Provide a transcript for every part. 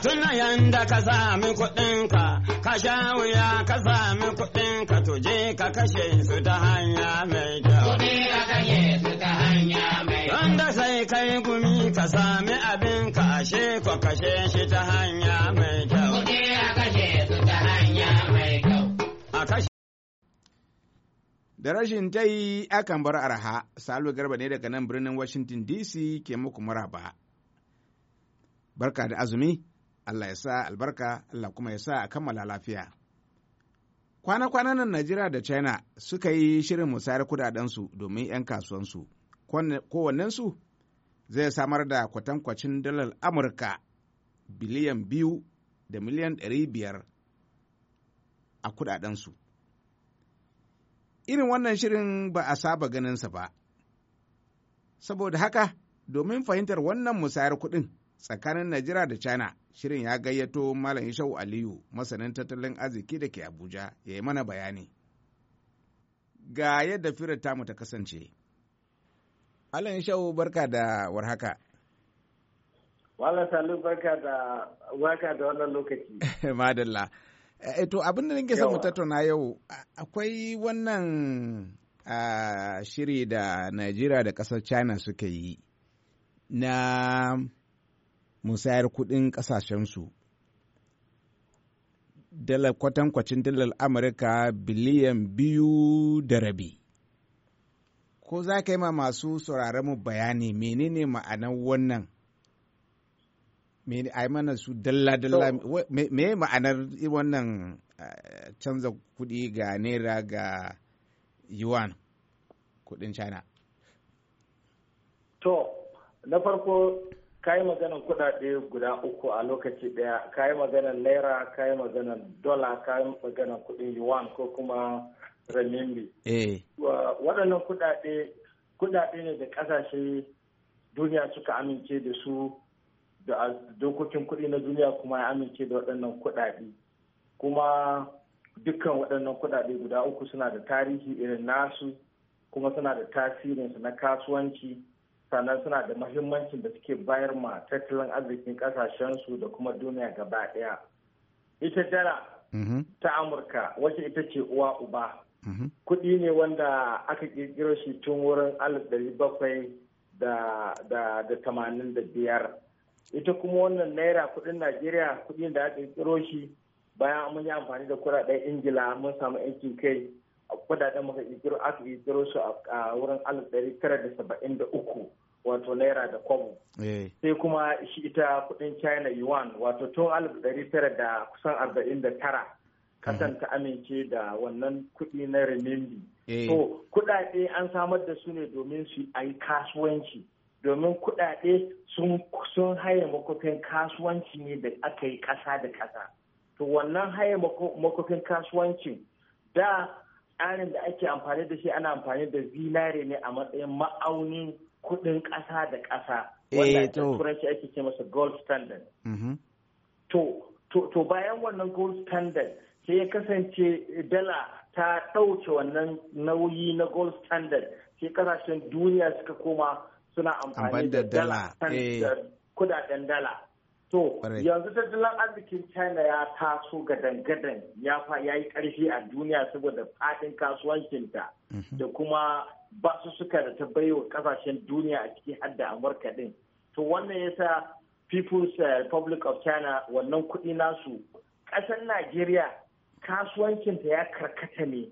ka tuna yanda ka sami kuɗinka, ka sha wuya ka sami kuɗinka tuje ka kashe su ta hanya mai kyau. ka kashe su ta hanya mai kyau. Wanda sai kai gumi ka sami abin ka ashe ko kashe shi ta hanya mai kyau. ka kashe su ta hanya mai kyau. Da rashin ta yi akan bar arha, Salu Garba ne daga nan birnin Washington DC ke muku maraba. barka da azumi Allah ya sa albarka Allah kuma ya sa a kammala lafiya. Kwana-kwanan nan Najeriya da China suka yi shirin musayar kudadensu domin 'yan kasuwansu, kowannensu zai samar da kwatankwacin dalar Amurka biliyan biyu da miliyan ɗari biyar a kudadensu. Irin wannan shirin ba a saba ganinsa ba, saboda haka domin fahimtar wannan musayar kuɗin. tsakanin najeriya da china shirin ya gayyato malam ishau aliyu masanin tattalin arziki da ke abuja ya yi mana bayani ga yadda firar tamu ta kasance malam ishau barka da warhaka wala salu barka da waka da wannan lokaci madalla eh, to abin da nake samu mu tattauna yau akwai wannan shiri da najeriya da kasar china suka yi na musayar kuɗin kasashensu. Dalar kwatankwacin dalar Amurka biliyan biyu da rabi. Ko za ka yi ma masu mu bayani menene ma'anar wannan? mana su dalla-dalla me ma'anar wannan eh, canza kuɗi ga naira ga yuan kuɗin china to na farko Ka yi maganan kudade guda uku a lokaci daya yi maganan naira ka yi maganan dola ka yi maganan kudin yuan ko kuma renminbi eh. waɗannan kudade kudade ne da ƙasashe duniya suka amince da su da dokokin kuɗi na duniya kuma ya amince da waɗannan kuɗaɗe kuma dukkan waɗannan kuɗaɗe guda uku suna da tarihi irin nasu kuma suna da tasirinsu na kasuwanci sannan suna da mahimmancin da suke bayar ma tattalin arzikin kasashensu da kuma duniya gaba ɗaya. Ita dara mm-hmm. ta Amurka wacce ita ce uwa uba. Mm-hmm. Kuɗi ne wanda aka ƙirƙiro shi tun wurin alif biyar. Ita kuma wannan naira kuɗin Najeriya kudi da aka ƙirƙiro shi bayan mun yi amfani da kudaden Ingila mun samu yankin kai kudaden muka kirkiro aka kirkiro su a wurin alif ɗari tara da saba'in da uku wato naira da kwabo eh. sai kuma shi ita kudin china yuan wato tun alif dari tara da kusan arba'in da tara mhm. kasan ta amince da wannan kudi na renminbi eh. to kudade an samar da su ne domin su yi kasuwanci domin kudade sun haye makofin kasuwanci ne da aka yi kasa da kasa to wannan haye makofin kasuwancin da tsarin da ake amfani da shi ana amfani da zinare ne a matsayin ma'aunin kuɗin ƙasa da ƙasa eh, wanda turanci ake ce masa gold standard mm-hmm. to bayan wannan gold standard sai ya kasance dala ta ɗauke wannan nauyi na gold standard sai ƙasashen duniya suka koma suna amfani da dala eh. kudaden dala to yanzu tattalin arzikin china ya taso gadan-gadan ya yi ƙarfi a duniya saboda faɗin kasuwancinta mm-hmm. da kuma ba su suka da ta baiwa kasashen duniya a cikin hadda amurka din to wannan yasa people's eh, republic of china wannan kuɗi nasu ƙasar najeriya kasuwancinta ya karkata ne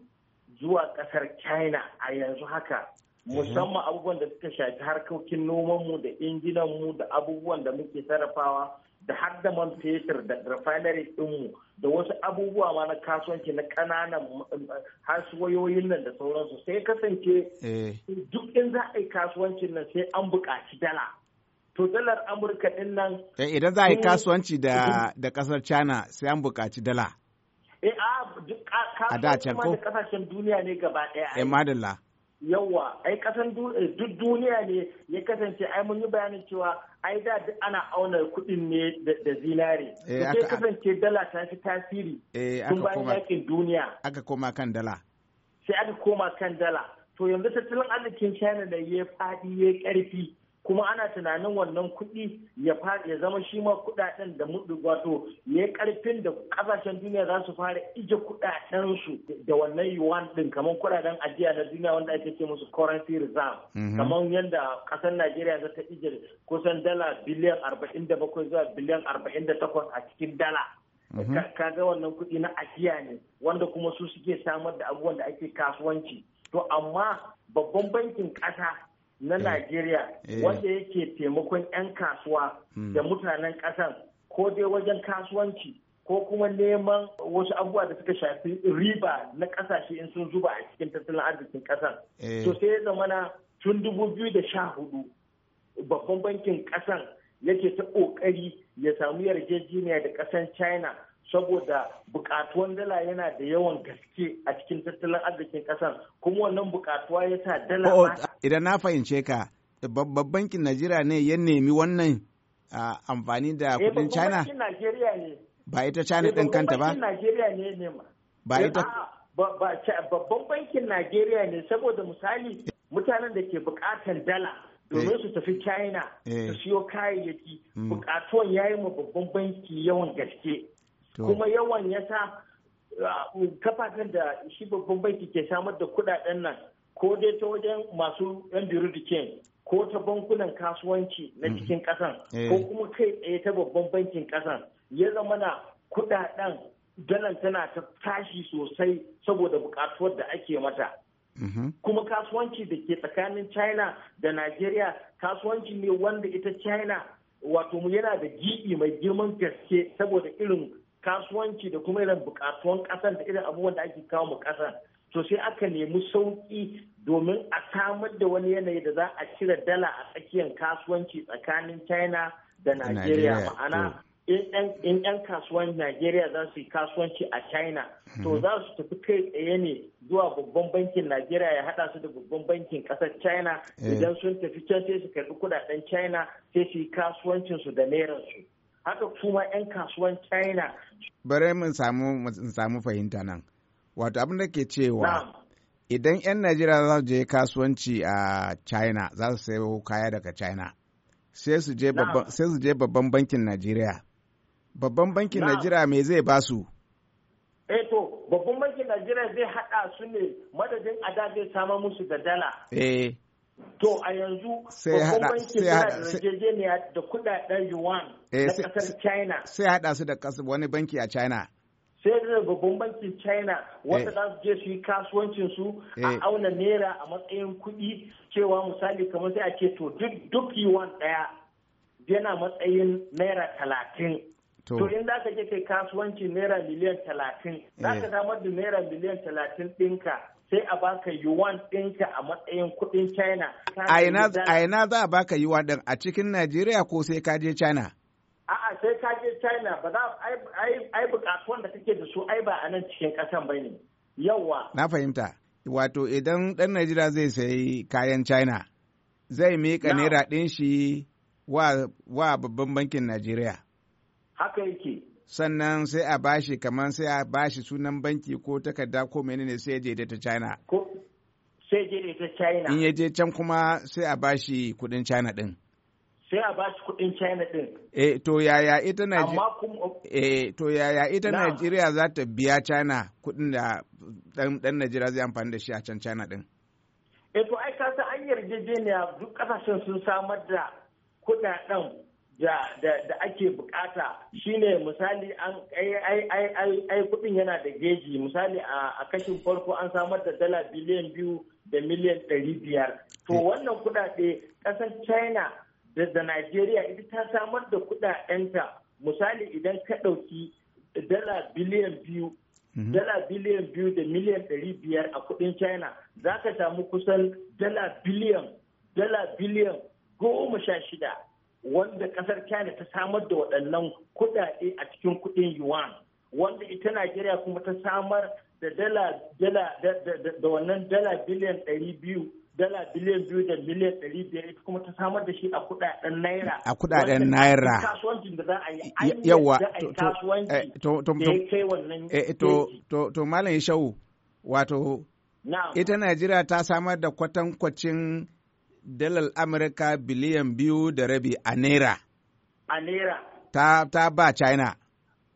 zuwa ƙasar china a yanzu haka mhm. musamman abubuwan da suka shafi harkokin noman mu da injinan mu da abubuwan da muke sarrafawa da har da man fetur da refinery dinmu, da wasu abubuwa ma na kasuwanci na ƙananan eh, hasuwayoyin nan da sauransu sai kasance eh. duk in za a yi kasuwancin nan sai an buƙaci dala to dalar amurka din nan eh, idan za a yi kasuwanci da ƙasar china sai an buƙaci dala a da can ko kasashen duniya ne gaba ɗaya yawa ai kasan eh, duk duniya ne ya kasance ai mun yi bayanin cewa ai da ana auna kuɗin ne da zinare eh, sai kasance dala ta fi tasiri eh, tun bayan yakin duniya aka koma kan dala sai aka koma kan dala to yanzu tattalin arzikin china da ya fadi ya ƙarfi kuma ana tunanin wannan kuɗi ya ya zama shi ma kuɗaɗen da mudu wato ya karfin da ƙasashen duniya za su fara ije kuɗaɗensu da wannan yuwan din kamar kuɗaɗen ajiya na duniya wanda ake ce musu currency reserve mm-hmm. kamar yadda ƙasar Najeriya za ta ije kusan dala biliyan arba'in da bakwai zuwa biliyan arba'in da takwas a cikin dala. Mm-hmm. Ka ga wannan kuɗi na ajiya ne wanda kuma su suke samar da abubuwan da ake kasuwanci. To amma babban bankin ƙasa na eh. Najeriya eh. wanda yake taimakon 'yan kasuwa hmm. da mutanen ƙasan ko dai wajen kasuwanci ko kuma neman wasu abubuwa da suka shafi riba na ƙasashe in sun zuba a cikin tattalin arzikin ƙasan. Eh. To sai ya zamana tun dubu biyu da sha hudu babban bankin ƙasan yake ta ƙoƙari ya samu yarjejeniya da ƙasan China saboda bukatuwan dala yana da yawan gaske a cikin tattalin arzikin kasar kuma wannan bukatuwa ya sa dala oh, idan na fahimce ka babban bankin najeriya ne ya nemi wannan amfani da eh, kudin china ba ita china din eh, kanta ba ba eh, ita babban bankin najeriya ne saboda misali mutanen da ke bukatan dala domin su tafi china su siyo kayayyaki hmm. bukatuwan ya yi ma babban banki yawan gaske kuma yawan ya sa uh, kafafen da shi babban banki ke samar da kudaden nan ko dai ta wajen masu yan dikin ko ta bankunan kasuwanci na mm. cikin kasan ko eh. kuma kai tsaye ta babban bankin kasan ya zama na kudaden dalan tana ta tashi sosai saboda bukatuwar da ake mata mm-hmm. kuma kasuwanci da ke tsakanin china da nigeria kasuwanci ne wanda ita china wato mu yana da gibi mai girman gaske saboda irin kasuwanci da kuma irin bukatuwan kasar da irin abubuwan da ake kawo mu kasar to sai aka nemi sauƙi domin a samar da wani yanayi da za a cire dala a tsakiyar kasuwanci tsakanin china da nigeria ma'ana in 'yan kasuwan nigeria za su yi kasuwanci a China, to mhm. za su tafi kai tsaye ne zuwa babban bankin nigeria ya hada su da babban bankin kasar China eh. idan sun tafi can sai su karbi kudaden China sai su yi kasuwancinsu da su. haka kuma 'yan kasuwan china Bari mun samu fahimta nan wato abin da ke cewa idan 'yan najeriya za su je kasuwanci a china za su sayo kaya daga china sai su je babban bankin najeriya babban bankin najeriya me zai ba su eh babban bankin najeriya zai hada su ne madadin ada zai samar musu da dala eh To a yanzu sai hada sai da kudaden yuan eh, na kasar China. Sai da wani banki a China. sai da babban bankin china wanda eh. za su je su yi kasuwancin su a eh. auna naira a matsayin kuɗi cewa misali kamar sai a ce to duk yuwan ɗaya yana matsayin naira talatin to in za ka je kai kasuwanci naira miliyan talatin za ka samar da naira miliyan talatin ɗinka sai a baka yuwan ɗinka a matsayin kuɗin China. A ina za a baka yuwan ɗin a cikin Najeriya ko sai ka je China? A'a sai ka je China ba za a yi bukatuwan da kake da su ai ba a nan cikin ƙasan ba ne. Yawwa. Na fahimta. Wato idan ɗan Najeriya zai sayi kayan China zai miƙa naira ɗin shi wa babban bankin Najeriya. Haka yake. sannan sai a bashi kamar sai a bashi sunan banki ko takarda ko menene sai ya je da ta China. Ko sai je da ta China. In ya je can kuma sai a bashi kuɗin China din. Sai a bashi kuɗin China din. Eh to yaya ita Najeriya. Amma kuma. Eh to yaya ita Najeriya za ta biya China kuɗin da ɗan Najeriya zai amfani da shi a can China din? Eh to ai ka san an yarjejeniya duk ƙasashen sun samar da kudaden da ake bukata shine misali an ai kudin yana da geji misali a kashin farko an samar da dala biliyan biyu da miliyan ɗari biyar to hmm. wannan kudade ƙasar china da nigeria ita ta samar da kudadenta misali idan ka ɗauki dala biliyan biyu hmm. dala biliyan biyu da miliyan ɗari biyar a kudin china za ka samu kusan dala biliyan dala biliyan goma sha shida wanda kasar china ta samar da waɗannan kuɗaɗe a cikin kuɗin yuan wanda ita najeriya kuma ta samar da dala dala da wannan dala biliyan ɗari biyu dala biliyan biyu da miliyan ɗari biyar ita kuma ta samar da shi a kuɗaɗen naira a kuɗaɗen naira kasuwancin da za a yi yawa to to eh, to eh, to to malam shau wato ita najeriya ta samar da kwatankwacin dalar amurka biliyan biyu da rabi a naira a naira ta, ta ba china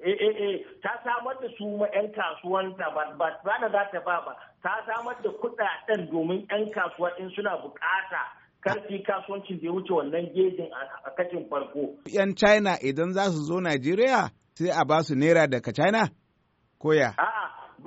eh eh eh ta samar da su ma 'yan kasuwanta ba ba za ta ba ba ta samar da kuɗaɗen domin 'yan kasuwa in suna buƙata? karfi kasuwancin da ya wuce wannan gejin a kashin farko. Yan China idan za su zo Najeriya sai a ba su naira daga China? Koya? A'a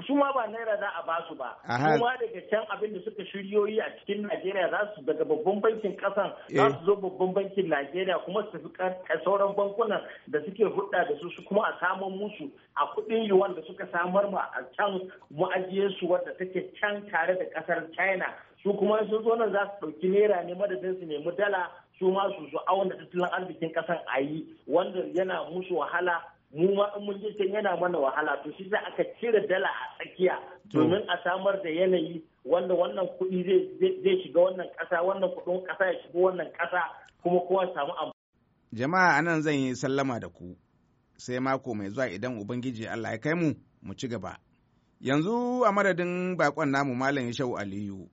su ma ba naira za a basu ba kuma daga can abin da suka shiryoyi a cikin Najeriya za su daga babban bankin kasan za eh. su zo babban bankin Najeriya kuma su tafi sauran bankunan da suke hudda da su kuma a samun musu a kudin yuwan da suka samar ma a can ma'ajiyarsu wadda take can tare da kasar China su kuma sun zo nan za su ɗauki naira ne madadin su nemi dala su ma su su auna tattalin arzikin kasan a yi wanda yana musu wahala mu ma in mun can yana mana wahala to shi za aka cire dala a tsakiya domin a samar da yanayi wanda wannan kuɗi zai shiga wannan ƙasa wannan kuɗin ƙasa ya shiga wannan ƙasa kuma kowa samu amfani. jama'a anan zan yi sallama da ku sai mako mai zuwa idan ubangiji allah ya kai mu mu ci gaba yanzu a madadin bakon namu malam shau aliyu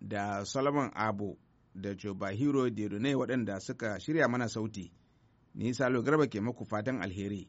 da solomon abu da jobahiro dedone waɗanda suka shirya mana sauti ni salo garba ke muku fatan alheri